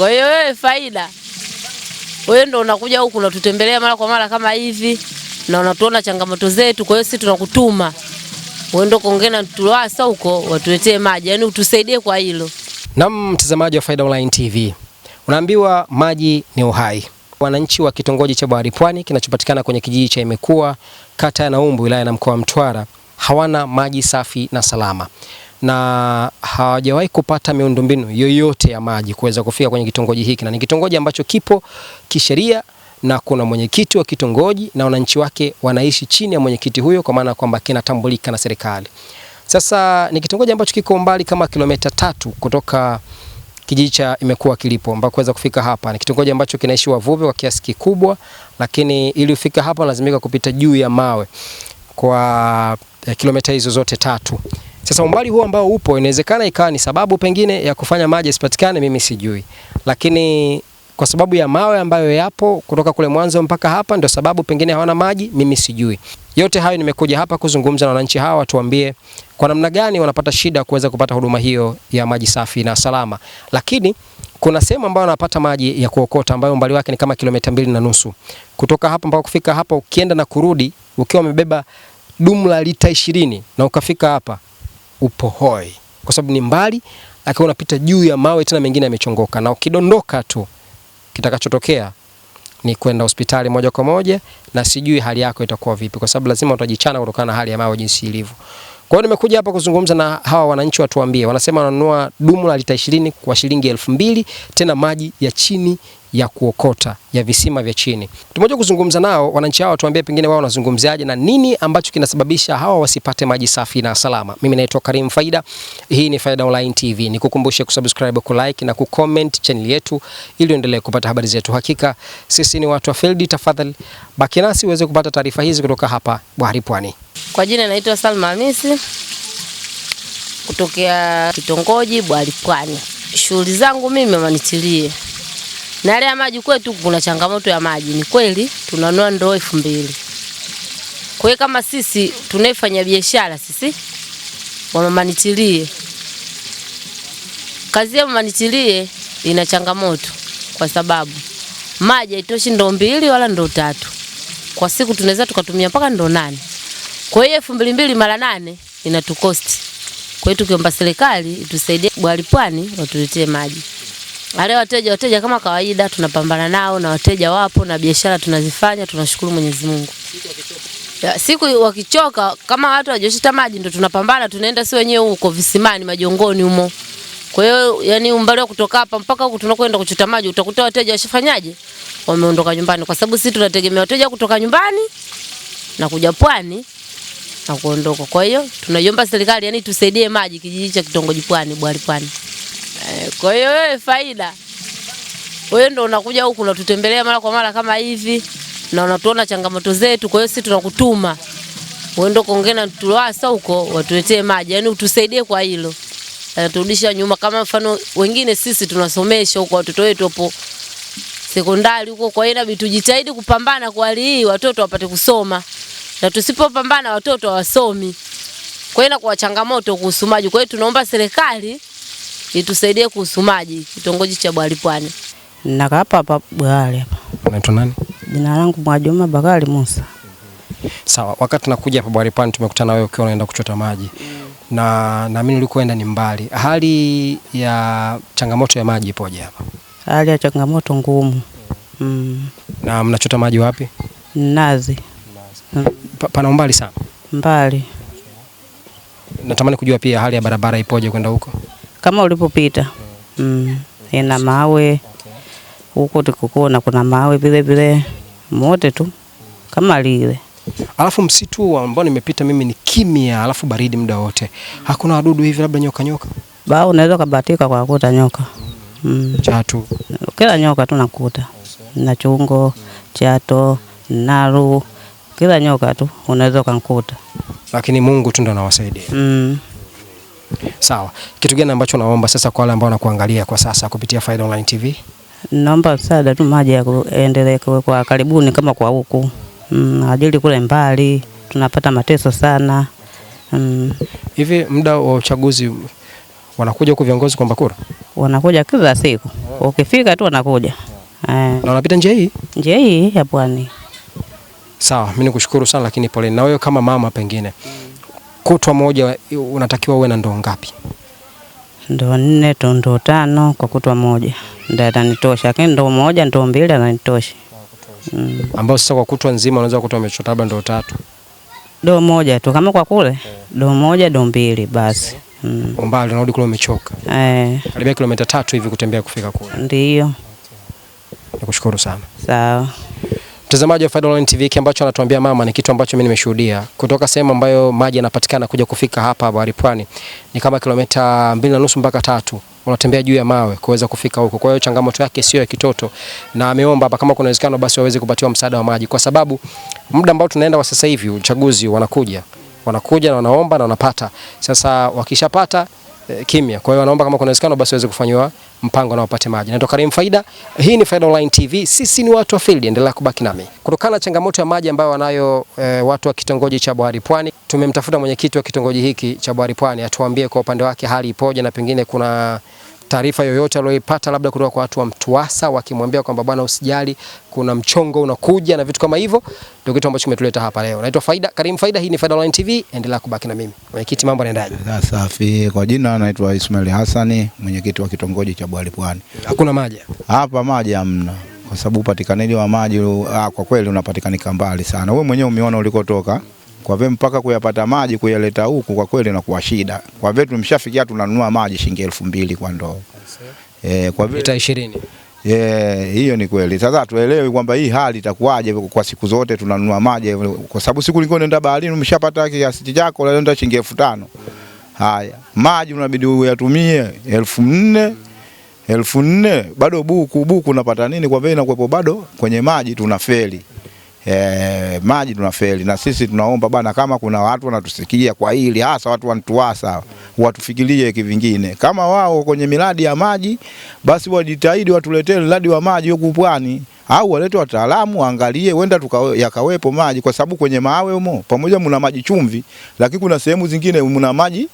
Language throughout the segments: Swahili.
Kwa hiyo wewe faida, wewe ndo unakuja huku unatutembelea mara kwa mara kama hivi na unatuona changamoto zetu. Kwa hiyo sisi tunakutuma wewe ndo kuongea na Tulwasa huko watuletee maji, yaani utusaidie kwa hilo. Naam, mtazamaji wa Faida Online TV, unaambiwa maji ni uhai. Wananchi wa kitongoji cha Bahari Pwani kinachopatikana kwenye kijiji cha Imekuwa, kata ya Naumbu, wilaya na mkoa wa Mtwara hawana maji safi na salama na hawajawahi kupata miundombinu yoyote ya maji kuweza kufika kwenye kitongoji hiki, na ni kitongoji ambacho kipo kisheria na kuna mwenyekiti wa kitongoji na wananchi wake wanaishi chini ya mwenyekiti huyo, kwa maana kwamba kinatambulika na serikali. Sasa ni kitongoji ambacho kiko umbali kama kilomita tatu kutoka kijiji cha imekuwa kilipo ambako kuweza kufika hapa. Ni kitongoji ambacho kinaishi wavuvi kwa kiasi kikubwa, lakini ili ufika hapa lazimika kupita juu ya mawe kwa eh, kilomita hizo zote tatu. Sasa umbali huo ambao upo inawezekana ikawa ni sababu pengine ya kufanya maji isipatikane, mimi sijui, lakini kwa sababu ya mawe ambayo yapo kutoka kule mwanzo mpaka hapa, ndio sababu pengine hawana maji, mimi sijui. Yote hayo nimekuja hapa kuzungumza na wananchi hawa, tuambie kwa namna gani wanapata shida kuweza kupata huduma hiyo ya maji safi na salama. Lakini kuna sehemu ambayo wanapata maji ya kuokota ambayo umbali wake ni kama kilomita mbili na nusu kutoka hapa mpaka kufika hapa, ukienda na kurudi ukiwa umebeba dumu la lita ishirini na ukafika hapa upo hoi, kwa sababu ni mbali, akiwa unapita juu ya mawe tena mengine yamechongoka, na ukidondoka tu kitakachotokea ni kwenda hospitali moja kwa moja, na sijui hali yako itakuwa vipi, kwa sababu lazima utajichana kutokana na hali ya mawe jinsi ilivyo. Kwa hiyo nimekuja hapa kuzungumza na hawa wananchi watuambie, wanasema wananunua dumu la lita 20 kwa shilingi elfu mbili, tena maji ya chini ya kuokota ya visima vya chini. Tumoja kuzungumza nao wananchi hao, tuambie pengine wao wanazungumziaje na nini ambacho kinasababisha hawa wasipate maji safi na salama. Mimi naitwa Karim Faida, hii ni Faida Online TV. Nikukumbushe kusubscribe, kulike na kucomment channel yetu ili uendelee kupata habari zetu. Hakika sisi ni watu wa field, tafadhali baki nasi uweze kupata taarifa hizi kutoka hapa Bahari Pwani. Kwa jina naitwa Salma Hamisi kutokea kitongoji Bahari Pwani. Shughuli zangu mimi amanitilie na ile ya maji kwetu kuna changamoto ya maji, ni kweli tunanua ndoo elfu mbili. Kwa hiyo kama sisi tunaifanya biashara sisi wa mama nitilie, kazi ya mama nitilie ina changamoto kwa sababu maji haitoshi ndoo mbili wala ndoo tatu kwa siku, tunaweza tukatumia mpaka ndoo nane. Kwa hiyo elfu mbili mbili mara nane inatukosti. Kwa hiyo tukiomba serikali itusaidie Pwani watuletee maji. Ale wateja wateja kama kawaida tunapambana nao na wateja wapo na biashara tunazifanya, tunashukuru Mwenyezi Mungu. Siku wakichoka kama watu wajoshita maji ndo tunapambana, tunaenda si wenyewe huko visimani majongoni humo. Kwa hiyo yani umbali wa kutoka hapa mpaka huko tunakwenda kuchota maji, utakuta wateja washafanyaje, wameondoka nyumbani, kwa sababu sisi tunategemea wateja kutoka nyumbani na kuja pwani na kuondoka. Kwa hiyo tunaiomba serikali yani tusaidie maji kijiji cha kitongoji Pwani, Bwali Pwani. Eh, kwa hiyo wewe faida wewe ndo unakuja huku unatutembelea mara kwa mara kama hivi na unatuona changamoto zetu, kwa hiyo sisi tunakutuma wewe ndo kuongea na Tulwasa huko watuletee maji, yaani utusaidie kwa hilo, anaturudisha nyuma. Kama mfano wengine sisi tunasomesha huko watoto wetu hapo sekondari huko, kwa hiyo inabidi tujitahidi kupambana kwa hali hii, watoto wapate kusoma, na tusipopambana watoto hawasomi. Kwa hiyo inakuwa changamoto kuhusu maji. Kwa hiyo tunaomba serikali nitusaidie kuhusu maji kitongoji cha Bwalipwani. Nakaa hapa hapa Bwali hapa. Unaitwa nani? Jina langu Mwajuma Bakari Musa. Sawa, wakati tunakuja hapa Pwani tumekutana wewe ukiwa unaenda kuchota maji mm. na naamini ulikoenda ni mbali. Hali ya changamoto ya maji ipoje hapa? Hali ya changamoto ngumu. Mm. Na mnachota maji wapi? Nazi. Mm. Pa, pana umbali sana? Mbali. Natamani kujua pia hali ya barabara ipoje kwenda huko? kama ulipopita mm. Ina mawe huko tukukuona, kuna mawe vile vile mote tu kama lile. Alafu msitu ambao nimepita mimi ni kimya, alafu baridi muda wote, hakuna wadudu hivi, labda nyoka nyoka ba unaweza kabatika kwa kukuta nyoka mm. Chatu kila nyoka tu nakuta na chungo chato naru kila nyoka tu unaweza ukankuta, lakini Mungu tu ndo anawasaidia mm. Sawa, kitu gani ambacho naomba sasa kwa wale ambao wanakuangalia kwa sasa kupitia Faida Online TV? Naomba msaada tu, maji yaendelee kwa karibuni kama kwa huku mm, ajili kule mbali tunapata mateso sana mm. Hivi muda wa uchaguzi wanakuja huku viongozi kwa kura? Wanakuja kila siku Ukifika tu wanakuja yeah. Eh. Na wanapita njia hii njia hii ya Pwani. Sawa, mimi nikushukuru sana lakini pole na wewe kama mama pengine mm kutwa moja unatakiwa uwe na ndoo ngapi? Ndoo nne tu, ndoo tano kwa kutwa moja ndio atanitosha, lakini ndoo moja ndoo mbili atanitosha mm. Ambao sasa kwa kutwa nzima unaweza kutwa umechota labda ndoo tatu, doo moja tu kama kwa kule yeah. Doo moja doo mbili basi eh. mm. Umbali unarudi kule umechoka eh. Karibia kilomita tatu hivi kutembea kufika kule. Ndio. Okay. Nakushukuru sana. Sawa. Mtazamaji wa Faida Online TV, ambacho anatuambia mama ni kitu ambacho mimi nimeshuhudia kutoka sehemu ambayo maji yanapatikana kuja kufika hapa Bahari Pwani ni kama kilomita mbili na nusu mpaka tatu unatembea juu ya mawe kuweza kufika huko. Kwa hiyo changamoto yake sio ya kitoto, na ameomba hapa kama kuna uwezekano basi waweze kupatiwa msaada wa maji, kwa sababu muda ambao tunaenda kwa sasa hivi uchaguzi, wanakuja wanakuja na wanaomba na wanapata. Sasa wakishapata Eh, kimya. Kwa hiyo wanaomba kama kuna uwezekano basi waweze kufanyiwa mpango na wapate maji. Naitwa Karim Faida, hii ni Faida Online TV, sisi ni watu wa field, endelea kubaki nami. Kutokana na changamoto ya maji ambayo wanayo e, watu wa kitongoji cha Bohari Pwani, tumemtafuta mwenyekiti wa kitongoji hiki cha Bohari Pwani atuambie kwa upande wake hali ipoje na pengine kuna taarifa yoyote aliyoipata labda kutoka kwa watu wa Mtwasa wakimwambia kwamba bwana, usijali kuna mchongo unakuja na vitu kama hivyo, ndio kitu ambacho kimetuleta hapa leo. Naitwa Faida Karim Faida, hii ni Faida Online TV, endelea kubaki na mimi. Mwenyekiti, mambo yanaendaje? Safi. Kwa jina naitwa Ismail Hassani, mwenyekiti wa kitongoji cha Bwali Pwani. Hakuna maji hapa, maji hamna kwa sababu upatikanaji wa maji ah, kwa kweli unapatikanika mbali sana. Wewe mwenyewe umeona ulikotoka kwa vile mpaka kuyapata maji kuyaleta huku kwa kweli inakuwa shida. Kwa vile tumeshafikia tunanunua maji shilingi elfu mbili kwa ndoo. Eh, kwa lita 20. Yeah, hiyo ni kweli. Sasa tuelewe kwamba hii hali itakuwaje kwa siku zote tunanunua maji kwa sababu siku nilikuwa nenda baharini umeshapata kiasi chako unaenda shilingi elfu tano. Haya, maji unabidi uyatumie elfu nne elfu nne bado buku buku unapata nini? Kwa vile inakuwepo bado kwenye maji tunafeli eh, maji tunafeli. Na sisi tunaomba bana, kama kuna watu wanatusikia kwa hili hasa watu wanituasa watufikirie kivingine, kama wao kwenye miradi ya maji, basi wajitahidi watuletee mradi wa maji huku Pwani au walete wataalamu waangalie, wenda yakawepo maji, kwa sababu kwenye mawe humo pamoja muna maji chumvi, lakini kuna sehemu zingine muna maji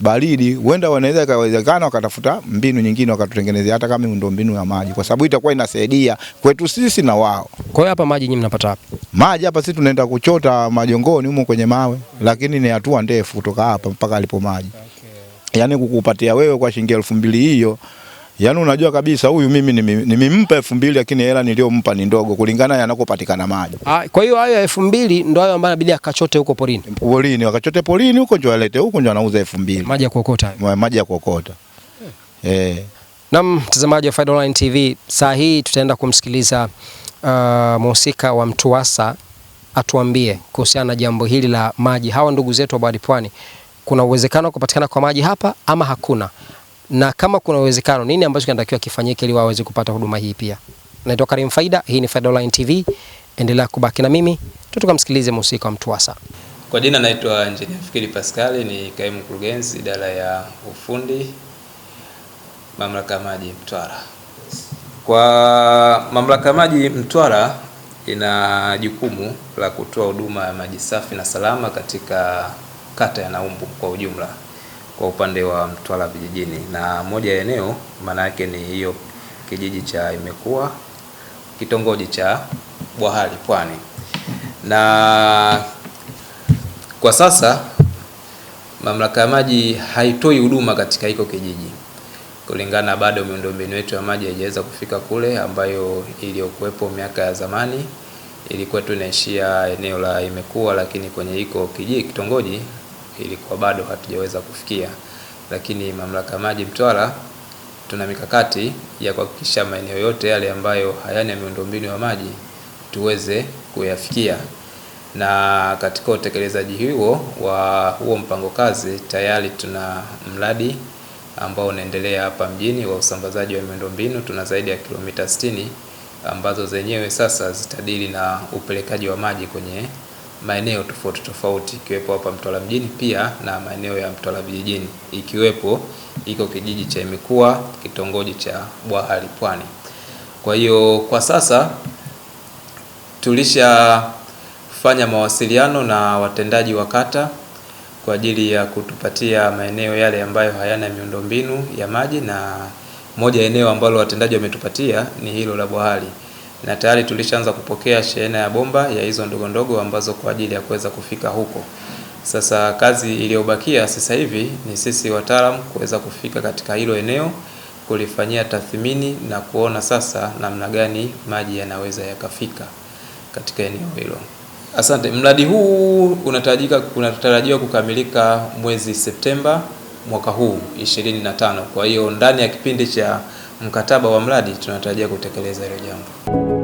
baridi, huenda wanaweza ikawezekana wakatafuta mbinu nyingine wakatutengenezea hata kama mbinu ya maji, kwa sababu itakuwa inasaidia kwetu sisi na wao. Kwa hiyo hapa maji nyinyi mnapata hapa maji hapa, sisi tunaenda kuchota majongoni humo kwenye mawe, lakini ni hatua ndefu kutoka hapa mpaka alipo maji, yaani kukupatia wewe kwa shilingi elfu mbili hiyo Yaani unajua kabisa huyu mimi nimempa elfu mbili lakini hela niliyompa ni ndogo kulingana yanakopatikana maji. Ah, kwa hiyo hayo elfu mbili ndio hayo ambayo inabidi akachote huko porini. Porini, akachote porini huko ndio alete huko ndio anauza elfu mbili. Maji ya kuokota. Maji ya kuokota. Eh. eh. Na mtazamaji wa Faida Online TV, saa hii tutaenda kumsikiliza uh, mhusika wa Mtuwasa atuambie kuhusiana na jambo hili la maji. Hawa ndugu zetu wa Pwani kuna uwezekano wa kupatikana kwa maji hapa ama hakuna? na kama kuna uwezekano, nini ambacho kinatakiwa kifanyike ili waweze kupata huduma hii pia. Naitwa Karim Faida, hii ni Faida Online TV, endelea kubaki na mimi, tutukamsikilize mhusika wa Mtwasa. Kwa jina naitwa Engineer Fikiri Pascal, ni kaimu mkurugenzi idara ya ufundi mamlaka ya maji Mtwara. Kwa mamlaka ya maji Mtwara ina jukumu la kutoa huduma ya maji safi na salama katika kata ya Naumbu kwa ujumla kwa upande wa Mtwara vijijini, na moja ya eneo maana yake ni hiyo kijiji cha imekuwa kitongoji cha Bwahali Pwani, na kwa sasa mamlaka ya maji haitoi huduma katika hiko kijiji kulingana, bado miundombinu yetu ya maji haijaweza kufika kule, ambayo iliyokuwepo miaka ya zamani ilikuwa tunaishia eneo la imekuwa, lakini kwenye hiko kijiji kitongoji ilikuwa bado hatujaweza kufikia, lakini mamlaka ya maji Mtwara tuna mikakati ya kuhakikisha maeneo yote yale ambayo hayana miundombinu ya maji tuweze kuyafikia, na katika utekelezaji huo wa huo mpango kazi tayari tuna mradi ambao unaendelea hapa mjini wa usambazaji wa miundombinu. Tuna zaidi ya kilomita 60 ambazo zenyewe sasa zitadili na upelekaji wa maji kwenye maeneo tofauti tofauti ikiwepo hapa Mtwara mjini pia na maeneo ya Mtwara vijijini, ikiwepo iko kijiji cha mikua kitongoji cha Bwahali Pwani. Kwa hiyo kwa sasa tulishafanya mawasiliano na watendaji wa kata kwa ajili ya kutupatia maeneo yale ambayo hayana miundombinu ya maji, na moja eneo ambalo watendaji wametupatia ni hilo la Bwahali na tayari tulishaanza kupokea shehena ya bomba ya hizo ndogo ndogo ambazo kwa ajili ya kuweza kufika huko. Sasa kazi iliyobakia sasa hivi ni sisi wataalamu kuweza kufika katika hilo eneo kulifanyia tathmini na kuona sasa namna gani maji yanaweza yakafika katika eneo hilo. Asante. Mradi huu unatarajika unatarajiwa kukamilika mwezi Septemba mwaka huu 25. Kwa hiyo ndani ya kipindi cha mkataba wa mradi tunatarajia kutekeleza hilo jambo.